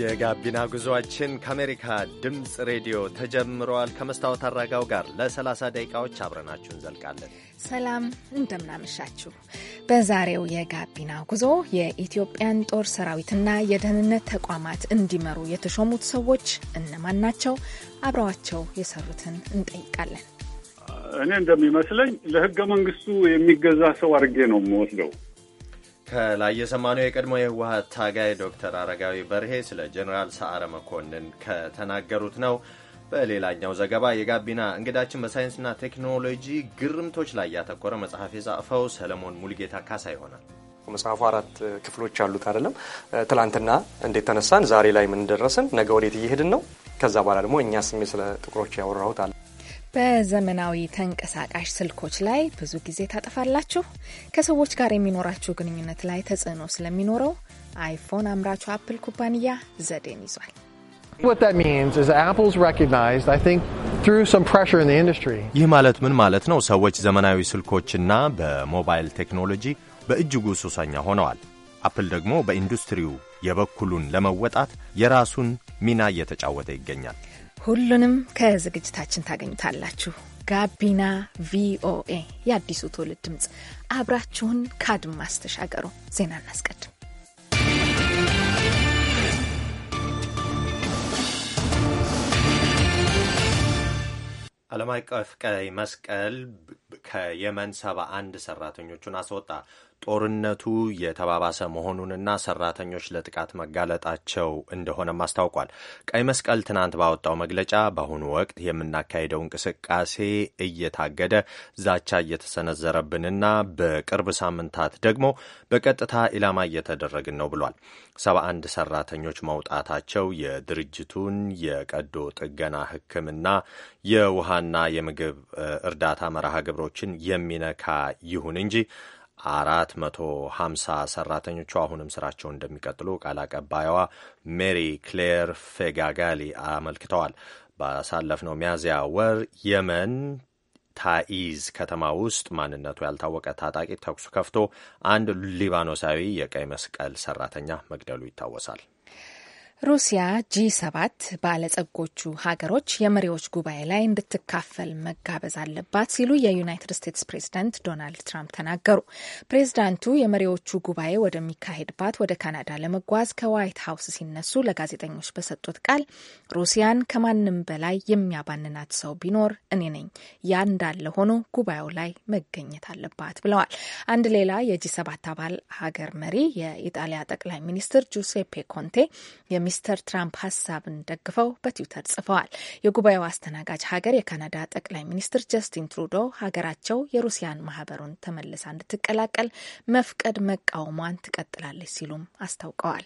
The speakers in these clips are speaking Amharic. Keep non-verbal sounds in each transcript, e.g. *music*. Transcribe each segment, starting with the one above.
የጋቢና ጉዞአችን ከአሜሪካ ድምፅ ሬዲዮ ተጀምረዋል። ከመስታወት አራጋው ጋር ለ30 ደቂቃዎች አብረናችሁ እንዘልቃለን። ሰላም እንደምናመሻችሁ። በዛሬው የጋቢና ጉዞ የኢትዮጵያን ጦር ሰራዊትና የደህንነት ተቋማት እንዲመሩ የተሾሙት ሰዎች እነማን ናቸው? አብረዋቸው የሰሩትን እንጠይቃለን። እኔ እንደሚመስለኝ ለህገ መንግስቱ የሚገዛ ሰው አድርጌ ነው የምወስደው ከላይ የሰማነው የቀድሞ የህወሀት ታጋይ ዶክተር አረጋዊ በርሄ ስለ ጀኔራል ሰዓረ መኮንን ከተናገሩት ነው። በሌላኛው ዘገባ የጋቢና እንግዳችን በሳይንስና ቴክኖሎጂ ግርምቶች ላይ ያተኮረ መጽሐፍ የጻፈው ሰለሞን ሙልጌታ ካሳ ይሆናል። መጽሐፉ አራት ክፍሎች አሉት አይደለም? ትላንትና እንዴት ተነሳን፣ ዛሬ ላይ ምን ደረስን፣ ነገ ወዴት እየሄድን ነው፣ ከዛ በኋላ ደግሞ እኛ ስሜ ስለ ጥቁሮች ያወራሁት አለ በዘመናዊ ተንቀሳቃሽ ስልኮች ላይ ብዙ ጊዜ ታጠፋላችሁ? ከሰዎች ጋር የሚኖራችሁ ግንኙነት ላይ ተጽዕኖ ስለሚኖረው አይፎን አምራቹ አፕል ኩባንያ ዘዴን ይዟል። ይህ ማለት ምን ማለት ነው? ሰዎች ዘመናዊ ስልኮችና በሞባይል ቴክኖሎጂ በእጅጉ ሱሰኛ ሆነዋል። አፕል ደግሞ በኢንዱስትሪው የበኩሉን ለመወጣት የራሱን ሚና እየተጫወተ ይገኛል። ሁሉንም ከዝግጅታችን ታገኙታላችሁ። ጋቢና ቪኦኤ የአዲሱ ትውልድ ድምፅ፣ አብራችሁን ከአድማስ ተሻገሩ። ዜና እናስቀድም። ዓለም አቀፍ ቀይ መስቀል ከየመን ሰባ አንድ ሰራተኞቹን አስወጣ። ጦርነቱ የተባባሰ መሆኑንና ሰራተኞች ለጥቃት መጋለጣቸው እንደሆነም አስታውቋል። ቀይ መስቀል ትናንት ባወጣው መግለጫ በአሁኑ ወቅት የምናካሄደው እንቅስቃሴ እየታገደ ዛቻ እየተሰነዘረብንና በቅርብ ሳምንታት ደግሞ በቀጥታ ኢላማ እየተደረግን ነው ብሏል። ሰባ አንድ ሰራተኞች መውጣታቸው የድርጅቱን የቀዶ ጥገና ሕክምና የውሃና የምግብ እርዳታ መርሃ ግብሮችን የሚነካ ይሁን እንጂ አራት መቶ ሀምሳ ሰራተኞቹ አሁንም ስራቸውን እንደሚቀጥሉ ቃል አቀባይዋ ሜሪ ክሌር ፌጋጋሊ አመልክተዋል። ባሳለፍነው ሚያዝያ ወር የመን ታኢዝ ከተማ ውስጥ ማንነቱ ያልታወቀ ታጣቂ ተኩሱ ከፍቶ አንድ ሊባኖሳዊ የቀይ መስቀል ሰራተኛ መግደሉ ይታወሳል። ሩሲያ ጂ ሰባት ባለጸጎቹ ሀገሮች የመሪዎች ጉባኤ ላይ እንድትካፈል መጋበዝ አለባት ሲሉ የዩናይትድ ስቴትስ ፕሬዚዳንት ዶናልድ ትራምፕ ተናገሩ። ፕሬዚዳንቱ የመሪዎቹ ጉባኤ ወደሚካሄድባት ወደ ካናዳ ለመጓዝ ከዋይት ሀውስ ሲነሱ ለጋዜጠኞች በሰጡት ቃል ሩሲያን ከማንም በላይ የሚያባንናት ሰው ቢኖር እኔ ነኝ፣ ያ እንዳለ ሆኖ ጉባኤው ላይ መገኘት አለባት ብለዋል። አንድ ሌላ የጂ ሰባት አባል ሀገር መሪ የኢጣሊያ ጠቅላይ ሚኒስትር ጁሴፔ ኮንቴ የሚስተር ትራምፕ ሀሳብን ደግፈው በትዊተር ጽፈዋል። የጉባኤው አስተናጋጅ ሀገር የካናዳ ጠቅላይ ሚኒስትር ጀስቲን ትሩዶ ሀገራቸው የሩሲያን ማህበሩን ተመልሳ እንድትቀላቀል መፍቀድ መቃወሟን ትቀጥላለች ሲሉም አስታውቀዋል።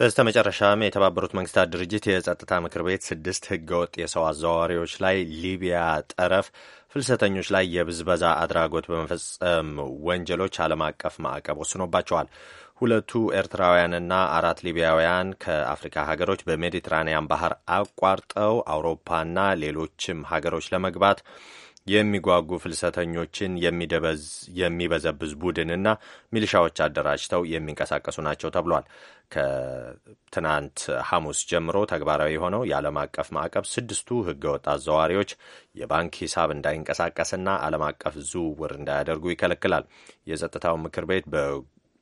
በስተ መጨረሻም የተባበሩት መንግስታት ድርጅት የጸጥታ ምክር ቤት ስድስት ህገወጥ የሰው አዘዋዋሪዎች ላይ ሊቢያ ጠረፍ ፍልሰተኞች ላይ የብዝበዛ አድራጎት በመፈጸም ወንጀሎች ዓለም አቀፍ ማዕቀብ ወስኖባቸዋል። ሁለቱ ኤርትራውያንና አራት ሊቢያውያን ከአፍሪካ ሀገሮች በሜዲትራንያን ባህር አቋርጠው አውሮፓና ሌሎችም ሀገሮች ለመግባት የሚጓጉ ፍልሰተኞችን የሚበዘብዝ ቡድንና ሚሊሻዎች አደራጅተው የሚንቀሳቀሱ ናቸው ተብሏል። ከትናንት ሐሙስ ጀምሮ ተግባራዊ የሆነው የዓለም አቀፍ ማዕቀብ ስድስቱ ህገወጥ አዘዋሪዎች የባንክ ሂሳብ እንዳይንቀሳቀስና ዓለም አቀፍ ዝውውር እንዳያደርጉ ይከለክላል። የጸጥታው ምክር ቤት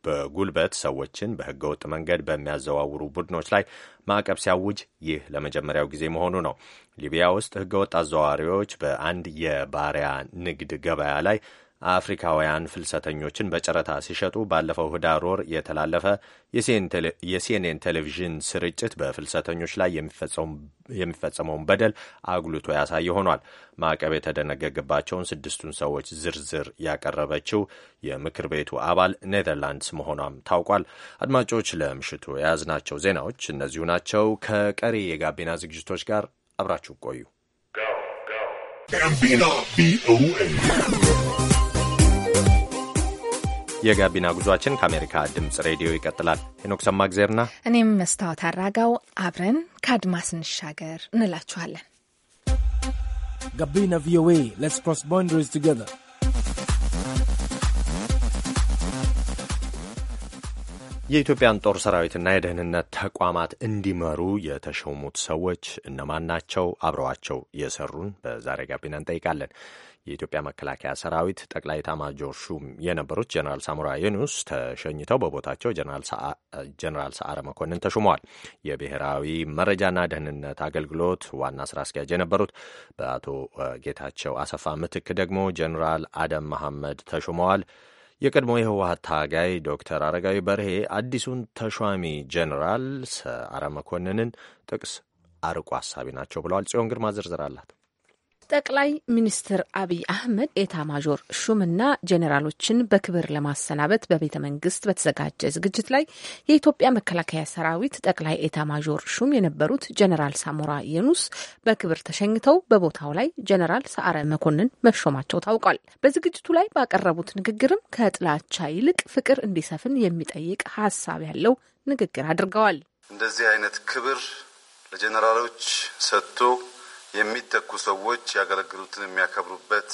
በጉልበት ሰዎችን በህገወጥ መንገድ በሚያዘዋውሩ ቡድኖች ላይ ማዕቀብ ሲያውጅ ይህ ለመጀመሪያው ጊዜ መሆኑ ነው። ሊቢያ ውስጥ ህገወጥ አዘዋዋሪዎች በአንድ የባሪያ ንግድ ገበያ ላይ አፍሪካውያን ፍልሰተኞችን በጨረታ ሲሸጡ ባለፈው ህዳር ወር የተላለፈ የሲኤንኤን ቴሌቪዥን ስርጭት በፍልሰተኞች ላይ የሚፈጸመውን በደል አጉልቶ ያሳየ ሆኗል። ማዕቀብ የተደነገገባቸውን ስድስቱን ሰዎች ዝርዝር ያቀረበችው የምክር ቤቱ አባል ኔዘርላንድስ መሆኗም ታውቋል። አድማጮች፣ ለምሽቱ የያዝናቸው ዜናዎች እነዚሁ ናቸው። ከቀሪ የጋቢና ዝግጅቶች ጋር አብራችሁ ቆዩ። የጋቢና ጉዟችን ከአሜሪካ ድምፅ ሬዲዮ ይቀጥላል። ሄኖክ ሰማግዜርና እኔም መስታወት አራጋው አብረን ከአድማስ እንሻገር እንላችኋለን። ጋቢና ቪኦኤ ሌትስ ክሮስ ቦንደሪስ ቱጌዘር የኢትዮጵያን ጦር ሰራዊትና የደህንነት ተቋማት እንዲመሩ የተሾሙት ሰዎች እነማን ናቸው? አብረዋቸው የሰሩን በዛሬ ጋቢና እንጠይቃለን። የኢትዮጵያ መከላከያ ሰራዊት ጠቅላይ ኤታማዦር ሹም የነበሩት ጀነራል ሳሙራ የኑስ ተሸኝተው በቦታቸው ጀነራል ሰዓረ መኮንን ተሹመዋል። የብሔራዊ መረጃና ደህንነት አገልግሎት ዋና ስራ አስኪያጅ የነበሩት በአቶ ጌታቸው አሰፋ ምትክ ደግሞ ጀነራል አደም መሐመድ ተሹመዋል። የቀድሞ የህወሀት ታጋይ ዶክተር አረጋዊ በርሄ አዲሱን ተሿሚ ጀነራል ሰዓረ መኮንንን ጥቅስ አርቆ ሀሳቢ ናቸው ብለዋል። ጽዮን ግርማ ዝርዝር አላት። ጠቅላይ ሚኒስትር አብይ አህመድ ኤታ ማዦር ሹምና ጄኔራሎችን በክብር ለማሰናበት በቤተ መንግስት በተዘጋጀ ዝግጅት ላይ የኢትዮጵያ መከላከያ ሰራዊት ጠቅላይ ኤታ ማዦር ሹም የነበሩት ጄኔራል ሳሞራ የኑስ በክብር ተሸኝተው በቦታው ላይ ጄኔራል ሰዓረ መኮንን መሾማቸው ታውቋል። በዝግጅቱ ላይ ባቀረቡት ንግግርም ከጥላቻ ይልቅ ፍቅር እንዲሰፍን የሚጠይቅ ሀሳብ ያለው ንግግር አድርገዋል። እንደዚህ አይነት ክብር ለጄኔራሎች ሰጥቶ የሚተኩ ሰዎች ያገለግሉትን የሚያከብሩበት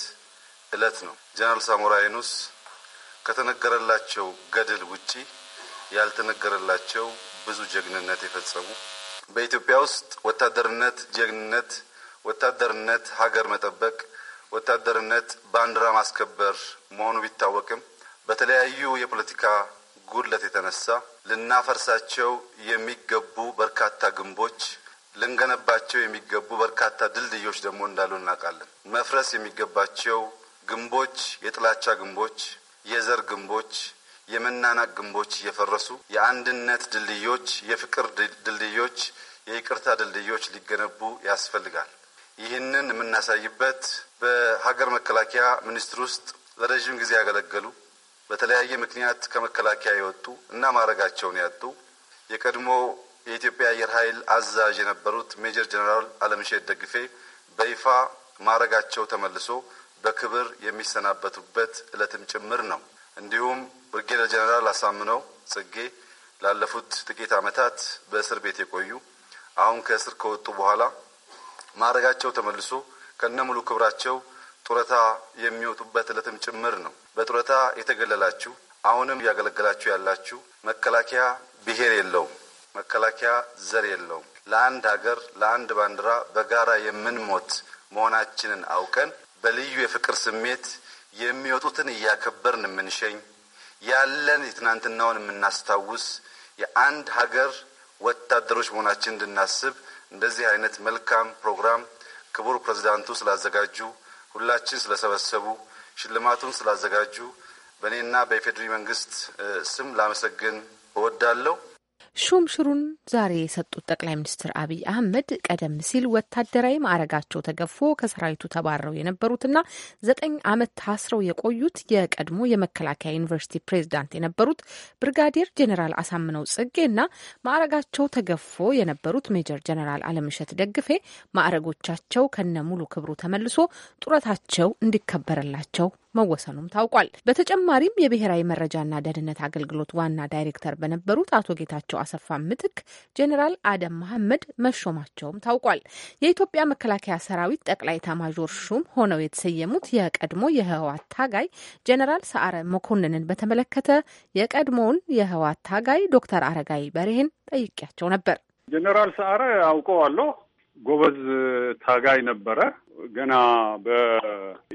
እለት ነው። ጀነራል ሳሞራ ዩኑስ ከተነገረላቸው ገድል ውጪ ያልተነገረላቸው ብዙ ጀግንነት የፈጸሙ በኢትዮጵያ ውስጥ ወታደርነት ጀግንነት፣ ወታደርነት ሀገር መጠበቅ፣ ወታደርነት ባንዲራ ማስከበር መሆኑ ቢታወቅም በተለያዩ የፖለቲካ ጉድለት የተነሳ ልናፈርሳቸው የሚገቡ በርካታ ግንቦች ልንገነባቸው የሚገቡ በርካታ ድልድዮች ደግሞ እንዳሉ እናውቃለን። መፍረስ የሚገባቸው ግንቦች፣ የጥላቻ ግንቦች፣ የዘር ግንቦች፣ የመናናቅ ግንቦች እየፈረሱ የአንድነት ድልድዮች፣ የፍቅር ድልድዮች፣ የይቅርታ ድልድዮች ሊገነቡ ያስፈልጋል። ይህንን የምናሳይበት በሀገር መከላከያ ሚኒስቴር ውስጥ ለረዥም ጊዜ ያገለገሉ በተለያየ ምክንያት ከመከላከያ የወጡ እና ማዕረጋቸውን ያጡ የቀድሞ የኢትዮጵያ አየር ኃይል አዛዥ የነበሩት ሜጀር ጀነራል አለምሸት ደግፌ በይፋ ማዕረጋቸው ተመልሶ በክብር የሚሰናበቱበት ዕለትም ጭምር ነው። እንዲሁም ብርጌደር ጀነራል አሳምነው ጽጌ ላለፉት ጥቂት ዓመታት በእስር ቤት የቆዩ አሁን ከእስር ከወጡ በኋላ ማዕረጋቸው ተመልሶ ከነ ሙሉ ክብራቸው ጡረታ የሚወጡበት ዕለትም ጭምር ነው። በጡረታ የተገለላችሁ አሁንም እያገለገላችሁ ያላችሁ መከላከያ ብሔር የለውም። መከላከያ ዘር የለውም። ለአንድ ሀገር ለአንድ ባንዲራ በጋራ የምንሞት መሆናችንን አውቀን በልዩ የፍቅር ስሜት የሚወጡትን እያከበርን የምንሸኝ ያለን የትናንትናውን የምናስታውስ የአንድ ሀገር ወታደሮች መሆናችን እንድናስብ እንደዚህ አይነት መልካም ፕሮግራም ክቡር ፕሬዚዳንቱ ስላዘጋጁ፣ ሁላችን ስለሰበሰቡ፣ ሽልማቱን ስላዘጋጁ በእኔና በኢፌዴሪ መንግስት ስም ላመሰግን እወዳለሁ። ሹም ሽሩን ዛሬ የሰጡት ጠቅላይ ሚኒስትር አብይ አህመድ ቀደም ሲል ወታደራዊ ማዕረጋቸው ተገፎ ከሰራዊቱ ተባረው የነበሩትና ዘጠኝ ዓመት ታስረው የቆዩት የቀድሞ የመከላከያ ዩኒቨርሲቲ ፕሬዝዳንት የነበሩት ብርጋዴር ጀኔራል አሳምነው ጽጌ እና ማዕረጋቸው ተገፎ የነበሩት ሜጀር ጀኔራል አለምሸት ደግፌ ማዕረጎቻቸው ከነ ሙሉ ክብሩ ተመልሶ ጡረታቸው እንዲከበረላቸው መወሰኑም ታውቋል። በተጨማሪም የብሔራዊ መረጃና ደህንነት አገልግሎት ዋና ዳይሬክተር በነበሩት አቶ ጌታቸው አሰፋ ምትክ ጄኔራል አደም መሐመድ መሾማቸውም ታውቋል። የኢትዮጵያ መከላከያ ሰራዊት ጠቅላይ ኤታማዦር ሹም ሆነው የተሰየሙት የቀድሞ የህወሓት ታጋይ ጄኔራል ሰዓረ መኮንንን በተመለከተ የቀድሞውን የህወሓት ታጋይ ዶክተር አረጋይ በርሄን ጠይቄያቸው ነበር። ጀኔራል ሰዓረ አውቀዋለሁ ጎበዝ ታጋይ ነበረ። ገና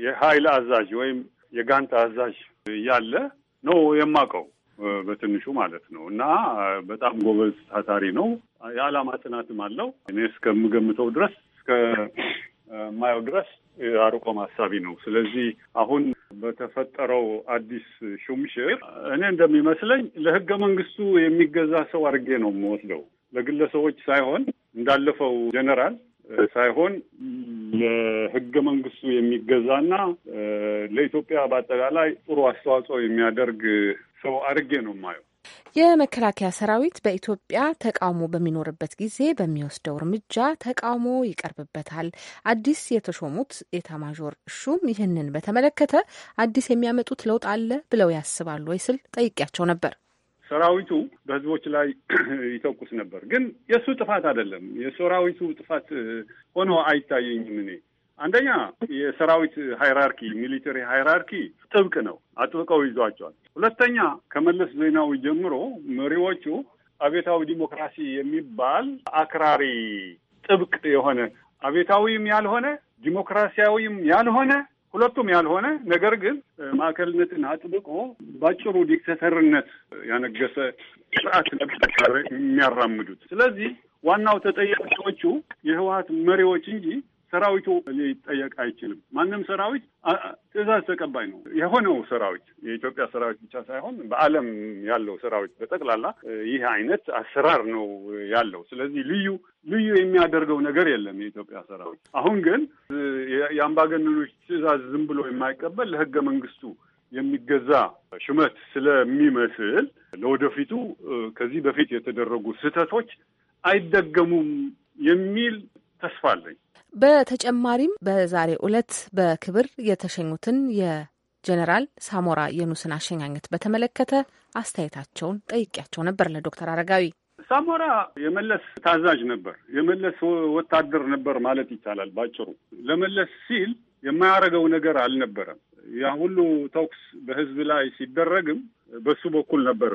የሀይል አዛዥ ወይም የጋንታ አዛዥ እያለ ነው የማውቀው በትንሹ ማለት ነው። እና በጣም ጎበዝ ታታሪ ነው። የዓላማ ጽናትም አለው። እኔ እስከምገምተው ድረስ እስከማየው ድረስ አርቆ ማሳቢ ነው። ስለዚህ አሁን በተፈጠረው አዲስ ሹምሽር እኔ እንደሚመስለኝ ለህገ መንግስቱ የሚገዛ ሰው አድርጌ ነው የምወስደው ለግለሰቦች ሳይሆን እንዳለፈው ጀነራል ሳይሆን ለህገ መንግስቱ የሚገዛና ለኢትዮጵያ በአጠቃላይ ጥሩ አስተዋጽኦ የሚያደርግ ሰው አድርጌ ነው የማየው። የመከላከያ ሰራዊት በኢትዮጵያ ተቃውሞ በሚኖርበት ጊዜ በሚወስደው እርምጃ ተቃውሞ ይቀርብበታል። አዲስ የተሾሙት ኤታማዦር ሹም ይህንን በተመለከተ አዲስ የሚያመጡት ለውጥ አለ ብለው ያስባሉ ወይ ስል ጠይቄያቸው ነበር። ሰራዊቱ በህዝቦች ላይ *clears throat* ይተኩስ ነበር። ግን የእሱ ጥፋት አይደለም። የሰራዊቱ ጥፋት ሆኖ አይታየኝም እኔ አንደኛ የሰራዊት ሃይራርኪ ሚሊተሪ ሃይራርኪ ጥብቅ ነው፣ አጥብቀው ይዟቸዋል። ሁለተኛ ከመለስ ዜናዊ ጀምሮ መሪዎቹ አቤታዊ ዲሞክራሲ የሚባል አክራሪ ጥብቅ የሆነ አቤታዊም ያልሆነ ዲሞክራሲያዊም ያልሆነ ሁለቱም ያልሆነ ነገር ግን ማዕከልነትን አጥብቆ ባጭሩ ዲክተተርነት ያነገሰ ስርዓት ነበር የሚያራምዱት። ስለዚህ ዋናው ተጠያቂዎቹ የህወሀት መሪዎች እንጂ ሰራዊቱ ሊጠየቅ አይችልም። ማንም ሰራዊት ትዕዛዝ ተቀባይ ነው የሆነው ሰራዊት የኢትዮጵያ ሰራዊት ብቻ ሳይሆን በዓለም ያለው ሰራዊት በጠቅላላ ይህ አይነት አሰራር ነው ያለው። ስለዚህ ልዩ ልዩ የሚያደርገው ነገር የለም የኢትዮጵያ ሰራዊት። አሁን ግን የአምባገነኖች ትዕዛዝ ዝም ብሎ የማይቀበል ለህገ መንግስቱ የሚገዛ ሹመት ስለሚመስል ለወደፊቱ ከዚህ በፊት የተደረጉ ስህተቶች አይደገሙም የሚል ተስፋ አለኝ። በተጨማሪም በዛሬ ዕለት በክብር የተሸኙትን የጀኔራል ሳሞራ የኑስን አሸኛኘት በተመለከተ አስተያየታቸውን ጠይቄያቸው ነበር ለዶክተር አረጋዊ። ሳሞራ የመለስ ታዛዥ ነበር፣ የመለስ ወታደር ነበር ማለት ይቻላል ባጭሩ። ለመለስ ሲል የማያደርገው ነገር አልነበረም። ያ ሁሉ ተኩስ በህዝብ ላይ ሲደረግም በሱ በኩል ነበር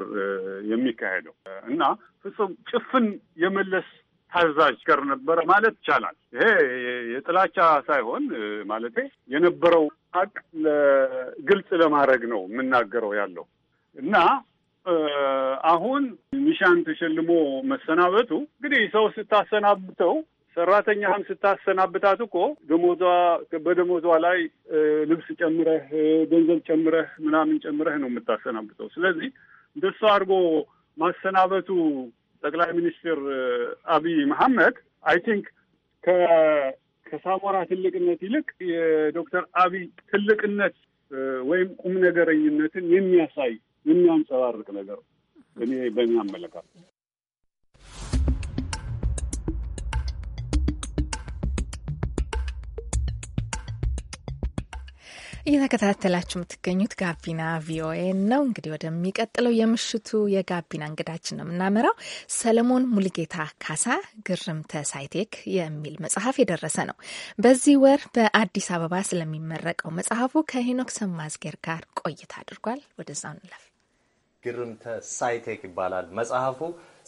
የሚካሄደው እና ፍጹም ጭፍን የመለስ ታዛዥ ጋር ነበረ ማለት ይቻላል። ይሄ የጥላቻ ሳይሆን ማለቴ የነበረው ሀቅ ግልጽ ለማድረግ ነው የምናገረው ያለው እና አሁን ሚሻን ተሸልሞ መሰናበቱ እንግዲህ ሰው ስታሰናብተው ሰራተኛህም ስታሰናብታት እኮ ደሞዟ በደሞዟ ላይ ልብስ ጨምረህ ገንዘብ ጨምረህ ምናምን ጨምረህ ነው የምታሰናብተው። ስለዚህ እንደሱ አድርጎ ማሰናበቱ ጠቅላይ ሚኒስትር አብይ መሐመድ አይ ቲንክ ከሳሞራ ትልቅነት ይልቅ የዶክተር አብይ ትልቅነት ወይም ቁም ነገረኝነትን የሚያሳይ የሚያንጸባርቅ ነገር እኔ በእኛ አመለካከት እየተከታተላችሁ የምትገኙት ጋቢና ቪኦኤ ነው። እንግዲህ ወደሚቀጥለው የምሽቱ የጋቢና እንግዳችን ነው የምናመራው። ሰለሞን ሙልጌታ ካሳ ግርምተ ሳይቴክ የሚል መጽሐፍ የደረሰ ነው። በዚህ ወር በአዲስ አበባ ስለሚመረቀው መጽሐፉ ከሄኖክ ሰማዝጌር ጋር ቆይታ አድርጓል። ወደዛው እንለፍ። ግርምተ ሳይቴክ ይባላል መጽሐፉ።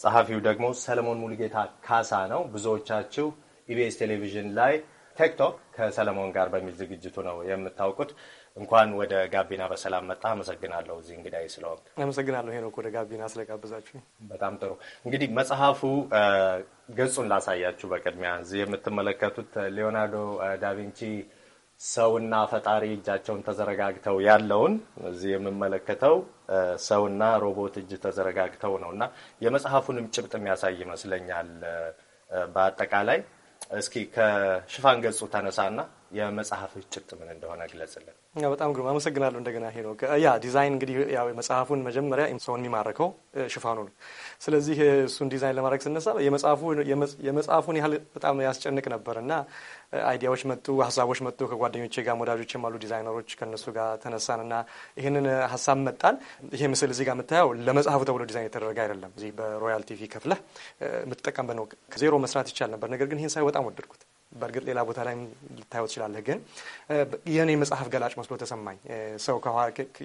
ጸሐፊው ደግሞ ሰለሞን ሙልጌታ ካሳ ነው። ብዙዎቻችሁ ኢቢኤስ ቴሌቪዥን ላይ ቴክቶክ ከሰለሞን ጋር በሚል ዝግጅቱ ነው የምታውቁት። እንኳን ወደ ጋቢና በሰላም መጣ። አመሰግናለሁ እዚህ እንግዳዬ ስለሆንክ። አመሰግናለሁ ሄኖክ ወደ ጋቢና ስለጋበዛችሁ። በጣም ጥሩ። እንግዲህ መጽሐፉ ገጹን ላሳያችሁ በቅድሚያ። እዚህ የምትመለከቱት ሊዮናርዶ ዳቪንቺ ሰውና ፈጣሪ እጃቸውን ተዘረጋግተው ያለውን እዚህ የምመለከተው ሰውና ሮቦት እጅ ተዘረጋግተው ነው እና የመጽሐፉንም ጭብጥ የሚያሳይ ይመስለኛል በአጠቃላይ እስኪ ከሽፋን ገጹ ተነሳና የመጽሐፍህ ጭብጥ ምን እንደሆነ ግለጽልን። በጣም ግሩም አመሰግናለሁ። እንደገና ሄኖክ፣ ያ ዲዛይን እንግዲህ ያው መጽሐፉን መጀመሪያ ሰውን የሚማረከው ሽፋኑ ነው። ስለዚህ እሱን ዲዛይን ለማድረግ ስነሳ የመጽሐፉን ያህል በጣም ያስጨንቅ ነበር እና አይዲያዎች መጡ፣ ሀሳቦች መጡ። ከጓደኞቼ ጋር ወዳጆችም አሉ ዲዛይነሮች፣ ከነሱ ጋር ተነሳን እና ይህንን ሀሳብ መጣን። ይሄ ምስል እዚህ ጋር የምታየው ለመጽሐፉ ተብሎ ዲዛይን የተደረገ አይደለም። እዚህ በሮያል ቲቪ ከፍለህ የምትጠቀምበት ነው። ከዜሮ መስራት ይቻል ነበር፣ ነገር ግን ይህን ሳይ በጣም ወደድኩት። በእርግጥ ሌላ ቦታ ላይ ልታየው ትችላለህ። ግን የኔ መጽሐፍ ገላጭ መስሎ ተሰማኝ። ሰው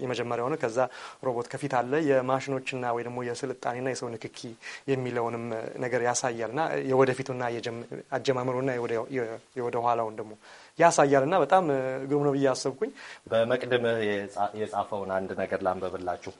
የመጀመሪያ ሆነ፣ ከዛ ሮቦት ከፊት አለ። የማሽኖችና ወይ ደግሞ የስልጣኔና የሰው ንክኪ የሚለውንም ነገር ያሳያል ና የወደፊቱና አጀማመሩና የወደኋላውን ደግሞ ያሳያል ና በጣም ግሩም ነው ብዬ አሰብኩኝ። በመቅድም የጻፈውን አንድ ነገር ላንበብላችሁ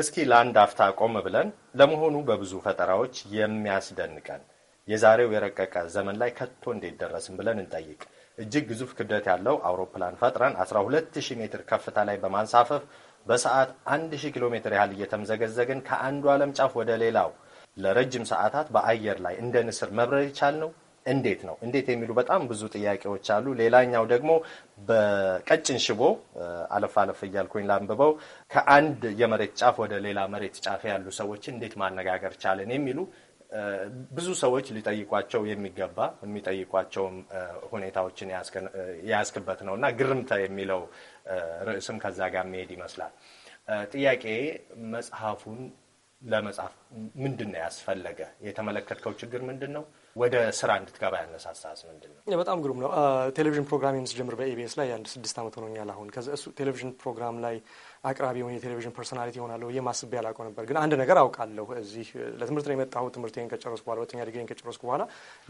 እስኪ። ለአንድ አፍታ ቆም ብለን ለመሆኑ በብዙ ፈጠራዎች የሚያስደንቀን የዛሬው የረቀቀ ዘመን ላይ ከቶ እንዴት ደረስን ብለን እንጠይቅ። እጅግ ግዙፍ ክብደት ያለው አውሮፕላን ፈጥረን 120 ሜትር ከፍታ ላይ በማንሳፈፍ በሰዓት 1000 ኪሎ ሜትር ያህል እየተምዘገዘግን ከአንዱ ዓለም ጫፍ ወደ ሌላው ለረጅም ሰዓታት በአየር ላይ እንደ ንስር መብረር የቻልነው እንዴት ነው? እንዴት የሚሉ በጣም ብዙ ጥያቄዎች አሉ። ሌላኛው ደግሞ በቀጭን ሽቦ አለፍ አለፍ እያልኩኝ ላንብበው፣ ከአንድ የመሬት ጫፍ ወደ ሌላ መሬት ጫፍ ያሉ ሰዎችን እንዴት ማነጋገር ቻለን የሚሉ ብዙ ሰዎች ሊጠይቋቸው የሚገባ የሚጠይቋቸውም ሁኔታዎችን የያዝክበት ነው እና ግርምተ የሚለው ርዕስም ከዛ ጋር የሚሄድ ይመስላል። ጥያቄ መጽሐፉን ለመጻፍ ምንድን ነው ያስፈለገ? የተመለከትከው ችግር ምንድን ነው? ወደ ስራ እንድትገባ ያነሳሳስ ምንድን ነው? በጣም ግሩም ነው። ቴሌቪዥን ፕሮግራሚን ስጀምር በኢቢኤስ ላይ አንድ ስድስት ዓመት ሆኖኛል። አሁን ከዚ እሱ ቴሌቪዥን ፕሮግራም ላይ አቅራቢ ሆኜ የቴሌቪዥን ፐርሶናሊቲ ይሆናለሁ ብዬ ማስቤ ያላውቀው ነበር። ግን አንድ ነገር አውቃለሁ። እዚህ ለትምህርት ነው የመጣሁት። ትምህርቴን ከጨረስኩ በኋላ ሁለተኛ ዲግሪን ከጨረስኩ በኋላ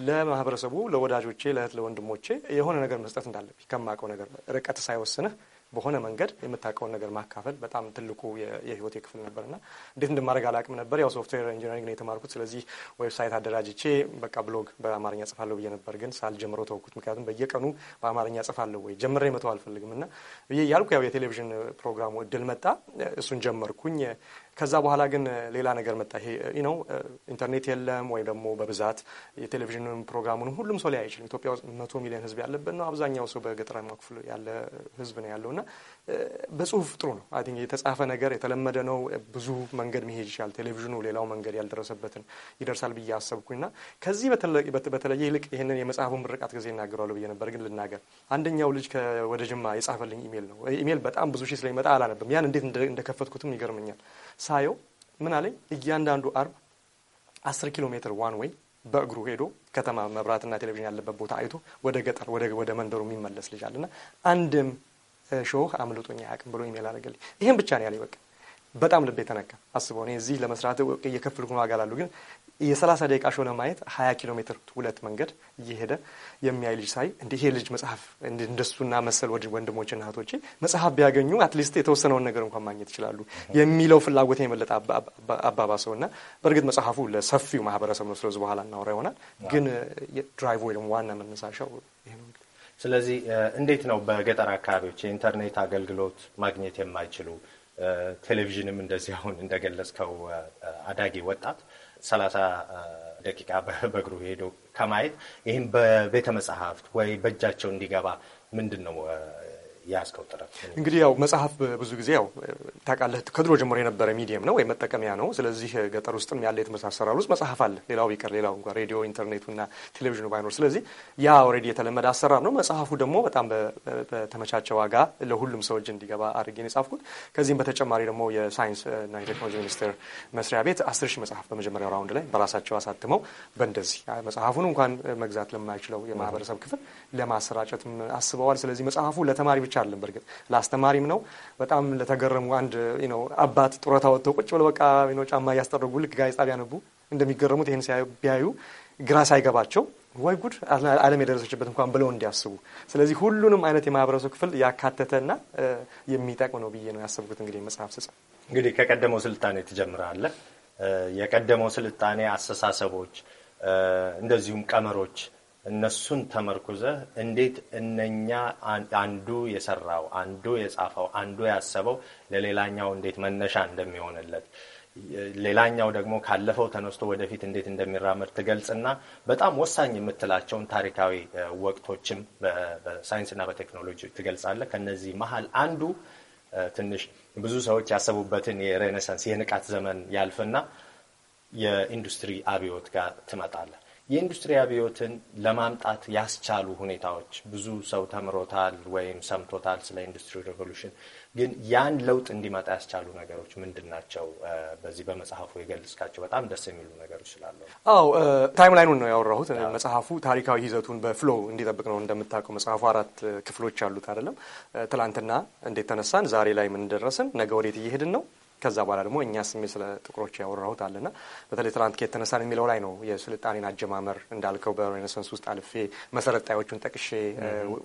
ለማህበረሰቡ፣ ለወዳጆቼ፣ ለእህት ለወንድሞቼ የሆነ ነገር መስጠት እንዳለብኝ ከማውቀው ነገር ርቀት ሳይወስንህ በሆነ መንገድ የምታውቀውን ነገር ማካፈል በጣም ትልቁ የህይወት ክፍል ነበርና እንዴት እንደማድረግ አላቅም ነበር። ያው ሶፍትዌር ኢንጂነሪንግ ነው የተማርኩት። ስለዚህ ዌብሳይት አደራጅቼ በቃ ብሎግ በአማርኛ ጽፋለሁ ብዬ ነበር፣ ግን ሳልጀምረው ተውኩት። ምክንያቱም በየቀኑ በአማርኛ ጽፋለሁ ወይ ጀምሬ መተው አልፈልግም እና ብዬ ያልኩ ያው የቴሌቪዥን ፕሮግራሙ እድል መጣ። እሱን ጀመርኩኝ። ከዛ በኋላ ግን ሌላ ነገር መጣ። ይሄ ነው ኢንተርኔት የለም ወይም ደግሞ በብዛት የቴሌቪዥን ፕሮግራሙን ሁሉም ሰው ላይ አይችልም። ኢትዮጵያ ውስጥ መቶ ሚሊዮን ህዝብ ያለበት ነው። አብዛኛው ሰው በገጠራማ ክፍል ያለ ህዝብ ነው ያለው እና በጽሁፍ ጥሩ ነው። አይ ቲንክ የተጻፈ ነገር የተለመደ ነው። ብዙ መንገድ መሄድ ይችላል። ቴሌቪዥኑ ሌላው መንገድ ያልደረሰበትን ይደርሳል ብዬ አሰብኩኝና ከዚህ በተለየ ይልቅ ይህንን የመጽሐፉን ምርቃት ጊዜ ይናገረዋሉ ብዬ ነበር፣ ግን ልናገር። አንደኛው ልጅ ወደ ጅማ የጻፈልኝ ኢሜል ነው። ኢሜል በጣም ብዙ ሺህ ስለሚመጣ አላነብም። ያን እንዴት እንደከፈትኩትም ይገርመኛል። ሳየው ምን አለኝ፣ እያንዳንዱ አርብ አስር ኪሎ ሜትር ዋን ወይ በእግሩ ሄዶ ከተማ መብራትና ቴሌቪዥን ያለበት ቦታ አይቶ ወደ ገጠር ወደ መንደሩ የሚመለስ ልጅ አለና አንድም ሾህ አምልጦኝ አያውቅም ብሎ ኢሜል አደረገልኝ። ይህን ብቻ ነው ያለኝ። በቃ በጣም ልቤ ተነካ። አስበው እኔ እዚህ ለመስራት እየከፈልኩ ነው ዋጋ ላሉ ግን የሰላሳ ደቂቃ ሾ ለማየት ሀያ ኪሎ ሜትር ሁለት መንገድ እየሄደ የሚያይ ልጅ ሳይ እንደ ይሄ ልጅ መጽሐፍ እንደሱና መሰል ወንድሞች ና እህቶች መጽሐፍ ቢያገኙ አትሊስት የተወሰነውን ነገር እንኳን ማግኘት ይችላሉ የሚለው ፍላጎት የመለጠ አባባሰው ና በእርግጥ መጽሐፉ ለሰፊው ማህበረሰብ ነው። ስለዚህ በኋላ እናወራ ይሆናል። ግን ድራይቭ ደግሞ ዋና መነሳሻው ይሄ ነው። ስለዚህ እንዴት ነው በገጠር አካባቢዎች የኢንተርኔት አገልግሎት ማግኘት የማይችሉ ቴሌቪዥንም እንደዚህ አሁን እንደገለጽከው አዳጊ ወጣት ሰላሳ ደቂቃ በእግሩ ሄዶ ከማየት ይህም በቤተ መጽሐፍት ወይ በእጃቸው እንዲገባ ምንድን ነው የያዝከው ጥረት? እንግዲህ ያው መጽሐፍ ብዙ ጊዜ ያው ታውቃለህ ከድሮ ጀምሮ የነበረ ሚዲየም ነው ወይም መጠቀሚያ ነው። ስለዚህ ገጠር ውስጥም ያለ የትምህርት አሰራር ውስጥ መጽሐፍ አለ። ሌላው ቢቀር ሌላው እንኳ ሬዲዮ፣ ኢንተርኔቱና ቴሌቪዥኑ ባይኖር፣ ስለዚህ ያ ኦልሬዲ የተለመደ አሰራር ነው። መጽሐፉ ደግሞ በጣም በተመቻቸ ዋጋ ለሁሉም ሰው እንዲገባ አድርጌን የጻፍኩት። ከዚህም በተጨማሪ ደግሞ የሳይንስ እና የቴክኖሎጂ ሚኒስቴር መስሪያ ቤት አስር ሺህ መጽሐፍ በመጀመሪያው ራውንድ ላይ በራሳቸው አሳትመው በእንደዚህ መጽሐፉን እንኳን መግዛት ለማይችለው የማህበረሰብ ክፍል ለማሰራጨትም አስበዋል። ስለዚህ መጽሐፉ ለተማሪ ብቻ አይቻልም። በእርግጥ ለአስተማሪም ነው። በጣም ለተገረሙ አንድ አባት ጡረታ ወጥተው ቁጭ ብለው በቃ ጫማ እያስጠረጉ ልክ ጋዜጣ ቢያነቡ እንደሚገረሙት ይህን ቢያዩ ግራ ሳይገባቸው ወይ ጉድ ዓለም የደረሰችበት እንኳን ብለው እንዲያስቡ። ስለዚህ ሁሉንም አይነት የማህበረሰብ ክፍል ያካተተና የሚጠቅም ነው ብዬ ነው ያሰብኩት። እንግዲህ መጽሐፍ ስጽ እንግዲህ ከቀደመው ስልጣኔ ትጀምራለህ። የቀደመው ስልጣኔ አስተሳሰቦች፣ እንደዚሁም ቀመሮች እነሱን ተመርኩዘህ እንዴት እነኛ አንዱ የሰራው አንዱ የጻፈው አንዱ ያሰበው ለሌላኛው እንዴት መነሻ እንደሚሆንለት ሌላኛው ደግሞ ካለፈው ተነስቶ ወደፊት እንዴት እንደሚራመድ ትገልጽና በጣም ወሳኝ የምትላቸውን ታሪካዊ ወቅቶችም በሳይንስና በቴክኖሎጂ ትገልጻለህ። ከነዚህ መሀል አንዱ ትንሽ ብዙ ሰዎች ያሰቡበትን የሬኔሳንስ የንቃት ዘመን ያልፍና የኢንዱስትሪ አብዮት ጋር ትመጣለህ። የኢንዱስትሪ አብዮትን ለማምጣት ያስቻሉ ሁኔታዎች ብዙ ሰው ተምሮታል ወይም ሰምቶታል ስለ ኢንዱስትሪ ሬቮሉሽን። ግን ያን ለውጥ እንዲመጣ ያስቻሉ ነገሮች ምንድን ናቸው? በዚህ በመጽሐፉ የገለጽካቸው በጣም ደስ የሚሉ ነገሮች ስላለ። አዎ ታይም ላይኑን ነው ያወራሁት። መጽሐፉ ታሪካዊ ይዘቱን በፍሎ እንዲጠብቅ ነው። እንደምታውቀው መጽሐፉ አራት ክፍሎች አሉት አይደለም? ትላንትና እንዴት ተነሳን፣ ዛሬ ላይ ምን ደረስን፣ ነገ ወዴት እየሄድን ነው ከዛ በኋላ ደግሞ እኛ ስሜ ስለ ጥቁሮች ያወራሁት አለና በተለይ ትናንት ተነሳን የሚለው ላይ ነው። የስልጣኔን አጀማመር እንዳልከው በሬኔሰንስ ውስጥ አልፌ መሰረት ጣዮቹን ጠቅሼ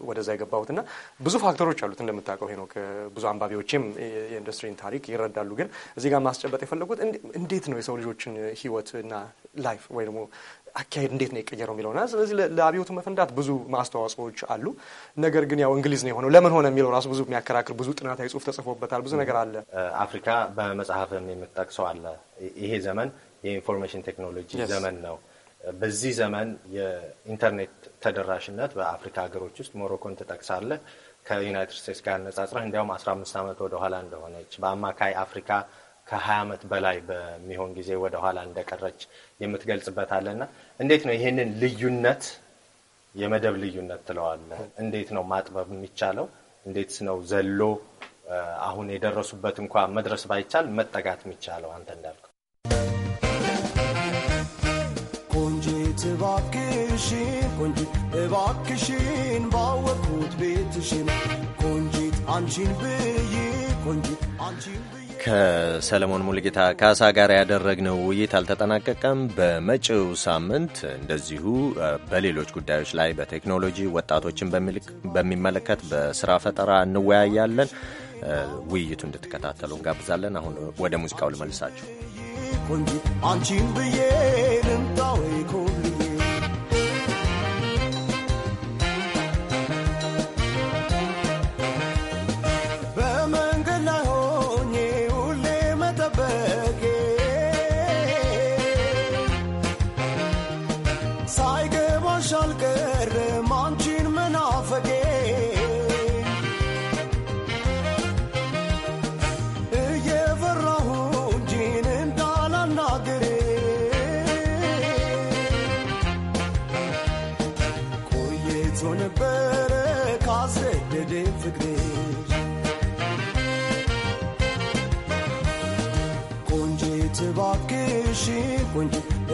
ወደዛ የገባሁት እና ብዙ ፋክተሮች አሉት እንደምታውቀው ሄኖክ። ብዙ አንባቢዎችም የኢንዱስትሪን ታሪክ ይረዳሉ። ግን እዚህ ጋር ማስጨበጥ የፈለጉት እንዴት ነው የሰው ልጆችን ህይወት እና ላይፍ ወይ ደግሞ አካሄድ እንዴት ነው የቀየረው ና ስለዚህ ለአብዮቱ መፈንዳት ብዙ ማስተዋጽኦዎች አሉ። ነገር ግን ያው እንግሊዝ ነው የሆነው። ለምን ሆነ የሚለው ራሱ ብዙ የሚያከራክር ብዙ ጥናታዊ ጽሁፍ ተጽፎበታል። ብዙ ነገር አለ። አፍሪካ በመጽሐፍም የምትጠቅሰው አለ። ይሄ ዘመን የኢንፎርሜሽን ቴክኖሎጂ ዘመን ነው። በዚህ ዘመን የኢንተርኔት ተደራሽነት በአፍሪካ ሀገሮች ውስጥ ሞሮኮን ትጠቅሳለህ። ከዩናይትድ ስቴትስ ጋር ነጻጽረህ እንዲያውም 15 ዓመት ወደኋላ እንደሆነች በአማካይ አፍሪካ ከ20 ዓመት በላይ በሚሆን ጊዜ ወደኋላ እንደቀረች የምትገልጽበት አለና እንዴት ነው ይህንን ልዩነት የመደብ ልዩነት ትለዋለህ? እንዴት ነው ማጥበብ የሚቻለው? እንዴት ነው ዘሎ አሁን የደረሱበት እንኳ መድረስ ባይቻል መጠጋት የሚቻለው? አንተ እንዳልከው ቆንጂት እባክሽን፣ ቆንጂት እባክሽን ባወቅሁት ቤትሽን፣ ቆንጂት አንቺን ብዬ፣ ቆንጂት አንቺን ብዬ ከሰለሞን ሙልጌታ ካሳ ጋር ያደረግነው ውይይት አልተጠናቀቀም። በመጪው ሳምንት እንደዚሁ በሌሎች ጉዳዮች ላይ በቴክኖሎጂ ወጣቶችን በሚመለከት በስራ ፈጠራ እንወያያለን። ውይይቱ እንድትከታተሉ እንጋብዛለን። አሁን ወደ ሙዚቃው ልመልሳችሁ።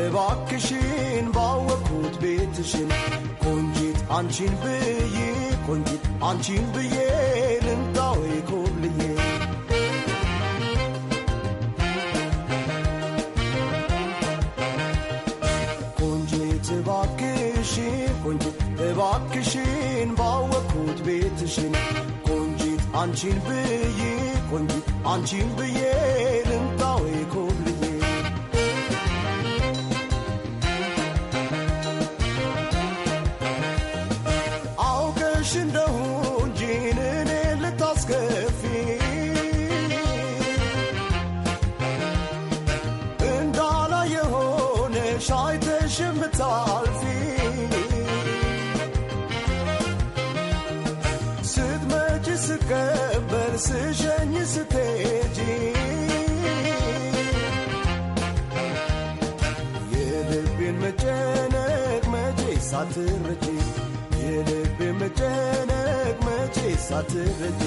እባክሽን ባወቅኩት ቤትሽን ቆንጂት አንቺን ብዬ ቆንጂት አንቺን ብዬ ልምጣወይ ኮብልዬ ቆንጂት እባክሽን ቆንጂት እባክሽን ባወቅኩት ቤትሽን ቆንጂት አንቺን ብዬ ቆንጂት አንቺን ብዬ ልምጣ ሳትረጂ የልቤ መጨነቅ መቼ ሳትረጂ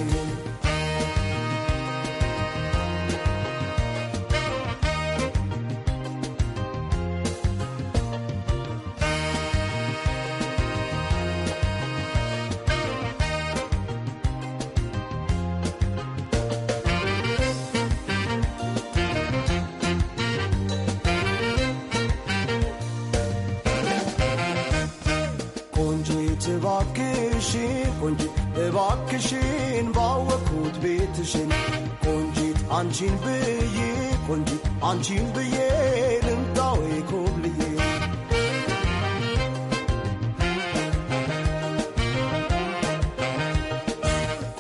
ቤትሽን ቆንጂት እባክሽን ባወቅኩት ቤትሽን ቆንጂት አንቺን ብዬ ቆንጂት አንቺን ብዬ ልምጣዌ ኮብልዬ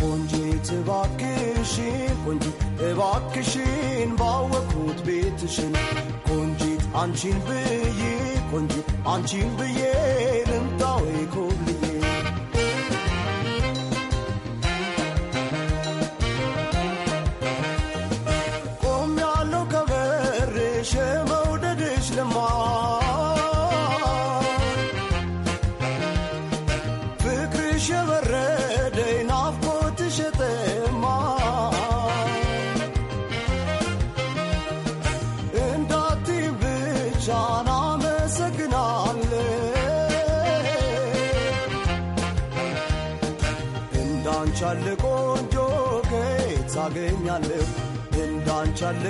ቆንጂት እባክሽን ቆንጂት እባክሽን ባወቅኩት ቤትሽን ቆንጂት አንቺን ብዬ ቆንጂት አንቺን ብዬ ፍቅርሽ መውደድሽ ልሟ ፍቅርሽ የበረደኝ ናፍቆትሽ ጥማ እንዳቲ ብቻ ናመሰግናለ እንዳንቻለ ቆንጆ ከየት ታገኛለሁ እንዳንቻለ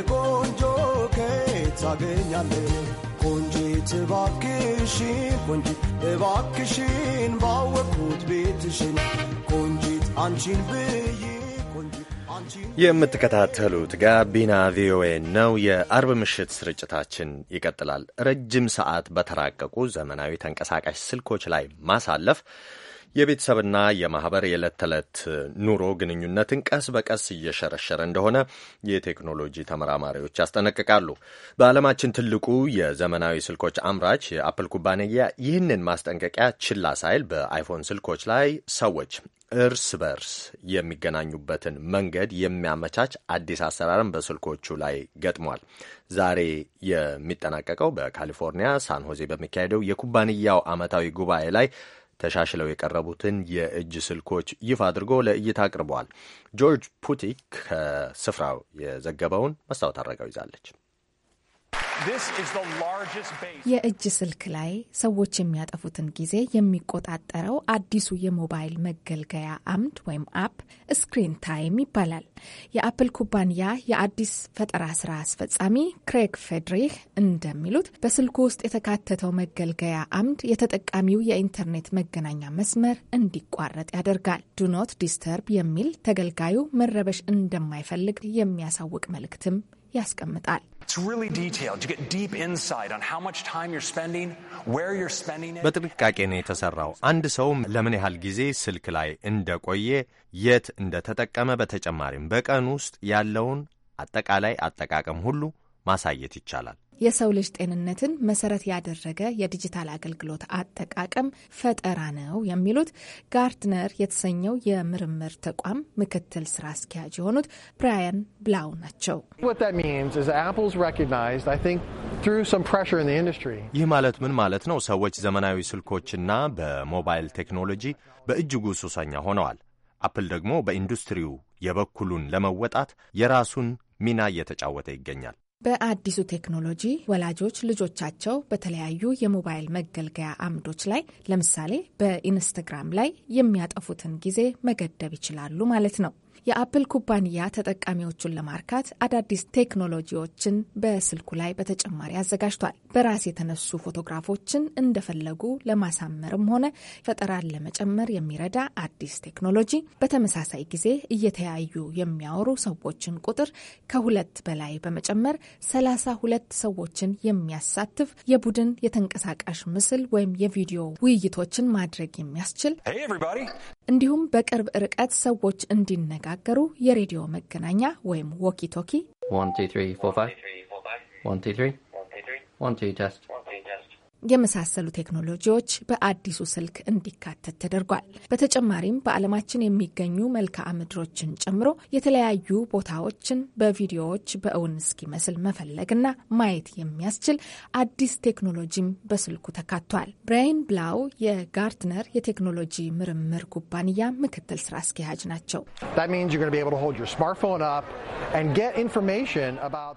ታገኛለህ። ቆንጂት እባክሽን፣ ቆንጂት እባክሽን፣ ባወቅኩት ቤትሽን ቆንጂት አንቺን ብዬ የምትከታተሉት ጋቢና ቪኦኤ ነው። የአርብ ምሽት ስርጭታችን ይቀጥላል። ረጅም ሰዓት በተራቀቁ ዘመናዊ ተንቀሳቃሽ ስልኮች ላይ ማሳለፍ የቤተሰብና የማህበር የዕለት ተዕለት ኑሮ ግንኙነትን ቀስ በቀስ እየሸረሸረ እንደሆነ የቴክኖሎጂ ተመራማሪዎች ያስጠነቅቃሉ። በዓለማችን ትልቁ የዘመናዊ ስልኮች አምራች የአፕል ኩባንያ ይህንን ማስጠንቀቂያ ችላ ሳይል በአይፎን ስልኮች ላይ ሰዎች እርስ በርስ የሚገናኙበትን መንገድ የሚያመቻች አዲስ አሰራርን በስልኮቹ ላይ ገጥሟል። ዛሬ የሚጠናቀቀው በካሊፎርኒያ ሳንሆዜ በሚካሄደው የኩባንያው ዓመታዊ ጉባኤ ላይ ተሻሽለው የቀረቡትን የእጅ ስልኮች ይፋ አድርጎ ለእይታ አቅርበዋል። ጆርጅ ፑቲክ ከስፍራው የዘገበውን መስታወት አረጋው ይዛለች። የእጅ ስልክ ላይ ሰዎች የሚያጠፉትን ጊዜ የሚቆጣጠረው አዲሱ የሞባይል መገልገያ አምድ ወይም አፕ ስክሪን ታይም ይባላል። የአፕል ኩባንያ የአዲስ ፈጠራ ስራ አስፈጻሚ ክሬግ ፌድሪህ እንደሚሉት በስልኩ ውስጥ የተካተተው መገልገያ አምድ የተጠቃሚው የኢንተርኔት መገናኛ መስመር እንዲቋረጥ ያደርጋል። ዱኖት ዲስተርብ የሚል ተገልጋዩ መረበሽ እንደማይፈልግ የሚያሳውቅ መልእክትም ያስቀምጣል። በጥንቃቄ ነው የተሰራው። አንድ ሰውም ለምን ያህል ጊዜ ስልክ ላይ እንደቆየ፣ የት እንደተጠቀመ፣ በተጨማሪም በቀን ውስጥ ያለውን አጠቃላይ አጠቃቀም ሁሉ ማሳየት ይቻላል። የሰው ልጅ ጤንነትን መሰረት ያደረገ የዲጂታል አገልግሎት አጠቃቀም ፈጠራ ነው የሚሉት ጋርትነር የተሰኘው የምርምር ተቋም ምክትል ስራ አስኪያጅ የሆኑት ብራያን ብላው ናቸው። ይህ ማለት ምን ማለት ነው? ሰዎች ዘመናዊ ስልኮችና በሞባይል ቴክኖሎጂ በእጅጉ ሱሰኛ ሆነዋል። አፕል ደግሞ በኢንዱስትሪው የበኩሉን ለመወጣት የራሱን ሚና እየተጫወተ ይገኛል። በአዲሱ ቴክኖሎጂ ወላጆች ልጆቻቸው በተለያዩ የሞባይል መገልገያ አምዶች ላይ ለምሳሌ በኢንስተግራም ላይ የሚያጠፉትን ጊዜ መገደብ ይችላሉ ማለት ነው። የአፕል ኩባንያ ተጠቃሚዎቹን ለማርካት አዳዲስ ቴክኖሎጂዎችን በስልኩ ላይ በተጨማሪ አዘጋጅቷል። በራስ የተነሱ ፎቶግራፎችን እንደፈለጉ ለማሳመርም ሆነ ፈጠራን ለመጨመር የሚረዳ አዲስ ቴክኖሎጂ፣ በተመሳሳይ ጊዜ እየተያዩ የሚያወሩ ሰዎችን ቁጥር ከሁለት በላይ በመጨመር ሰላሳ ሁለት ሰዎችን የሚያሳትፍ የቡድን የተንቀሳቃሽ ምስል ወይም የቪዲዮ ውይይቶችን ማድረግ የሚያስችል እንዲሁም በቅርብ ርቀት ሰዎች እንዲነጋ የሚናገሩ የሬዲዮ መገናኛ ወይም ቶኪ የመሳሰሉ ቴክኖሎጂዎች በአዲሱ ስልክ እንዲካተት ተደርጓል። በተጨማሪም በዓለማችን የሚገኙ መልክዓ ምድሮችን ጨምሮ የተለያዩ ቦታዎችን በቪዲዮዎች በእውን እስኪመስል መፈለግና ማየት የሚያስችል አዲስ ቴክኖሎጂም በስልኩ ተካቷል። ብራይን ብላው የጋርትነር የቴክኖሎጂ ምርምር ኩባንያ ምክትል ስራ አስኪያጅ ናቸው።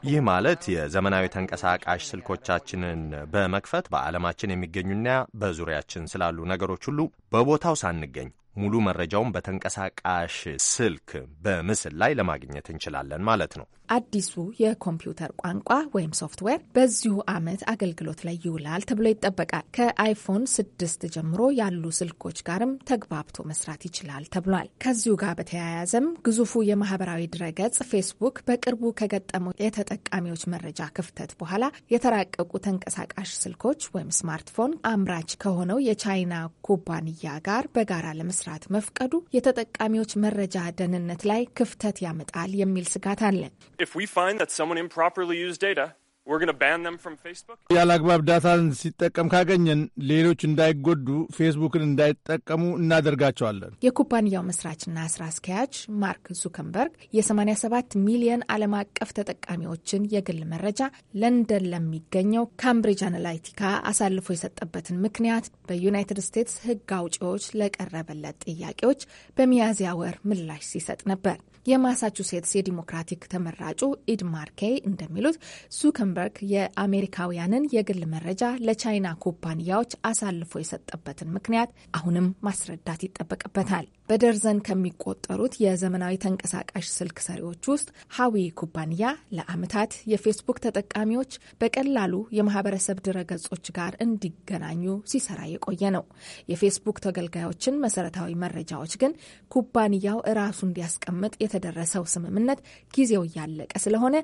ይህ ማለት የዘመናዊ ተንቀሳቃሽ ስልኮቻችንን በመክፈት በዓለም ዓለማችን የሚገኙና በዙሪያችን ስላሉ ነገሮች ሁሉ በቦታው ሳንገኝ ሙሉ መረጃውን በተንቀሳቃሽ ስልክ በምስል ላይ ለማግኘት እንችላለን ማለት ነው። አዲሱ የኮምፒውተር ቋንቋ ወይም ሶፍትዌር በዚሁ ዓመት አገልግሎት ላይ ይውላል ተብሎ ይጠበቃል። ከአይፎን ስድስት ጀምሮ ያሉ ስልኮች ጋርም ተግባብቶ መስራት ይችላል ተብሏል። ከዚሁ ጋር በተያያዘም ግዙፉ የማህበራዊ ድረገጽ ፌስቡክ በቅርቡ ከገጠመው የተጠቃሚዎች መረጃ ክፍተት በኋላ የተራቀቁ ተንቀሳቃሽ ስልኮች ወይም ስማርትፎን አምራች ከሆነው የቻይና ኩባንያ ጋር በጋራ ለመስራት መፍቀዱ የተጠቃሚዎች መረጃ ደህንነት ላይ ክፍተት ያመጣል የሚል ስጋት አለ። if we find that someone improperly used data, we're going to ban them from Facebook. ያለ ዳታን ሲጠቀም ካገኘን ሌሎች እንዳይጎዱ ፌስቡክን እንዳይጠቀሙ እናደርጋቸዋለን። የኩባንያው መስራችና ስራ አስኪያጅ ማርክ ዙከንበርግ የ87 ሚሊዮን ዓለም አቀፍ ተጠቃሚዎችን የግል መረጃ ለንደን ለሚገኘው ካምብሪጅ አናላይቲካ አሳልፎ የሰጠበትን ምክንያት በዩናይትድ ስቴትስ ሕግ አውጪዎች ለቀረበለት ጥያቄዎች በሚያዝያ ወር ምላሽ ሲሰጥ ነበር። የማሳቹሴትስ የዲሞክራቲክ ተመራጩ ኢድ ማርኬይ እንደሚሉት ዙከንበርግ የአሜሪካውያንን የግል መረጃ ለቻይና ኩባንያዎች አሳልፎ የሰጠበትን ምክንያት አሁንም ማስረዳት ይጠበቅበታል። በደርዘን ከሚቆጠሩት የዘመናዊ ተንቀሳቃሽ ስልክ ሰሪዎች ውስጥ ሀዊ ኩባንያ ለአመታት የፌስቡክ ተጠቃሚዎች በቀላሉ የማህበረሰብ ድረገጾች ጋር እንዲገናኙ ሲሰራ የቆየ ነው። የፌስቡክ ተገልጋዮችን መሰረታዊ መረጃዎች ግን ኩባንያው እራሱ እንዲያስቀምጥ የተደረሰው ስምምነት ጊዜው እያለቀ ስለሆነ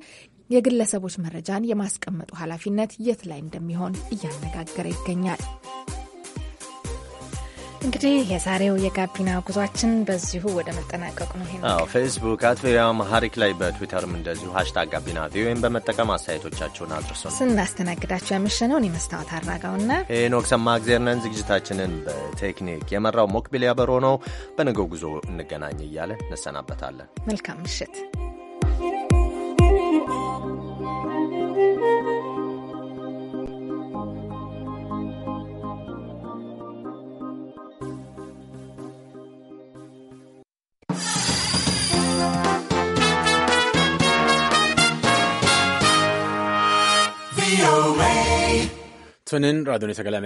የግለሰቦች መረጃን የማስቀመጡ ኃላፊነት የት ላይ እንደሚሆን እያነጋገረ ይገኛል። እንግዲህ የዛሬው የጋቢና ጉዟችን በዚሁ ወደ መጠናቀቁ ነው። ይሄ ፌስቡክ አት ቪኦኤ ላይ በትዊተርም እንደዚሁ ሀሽታግ ጋቢና ቪኦኤን በመጠቀም አስተያየቶቻችሁን አድርሶ ስናስተናግዳችሁ ያመሸነውን የመስታወት ና ሄኖክ ሰማ እግዜርነን ዝግጅታችንን በቴክኒክ የመራው ሞክቢል ያበሮ ነው። በነገው ጉዞ እንገናኝ እያለ እንሰናበታለን። መልካም ምሽት። Twin yn, Radio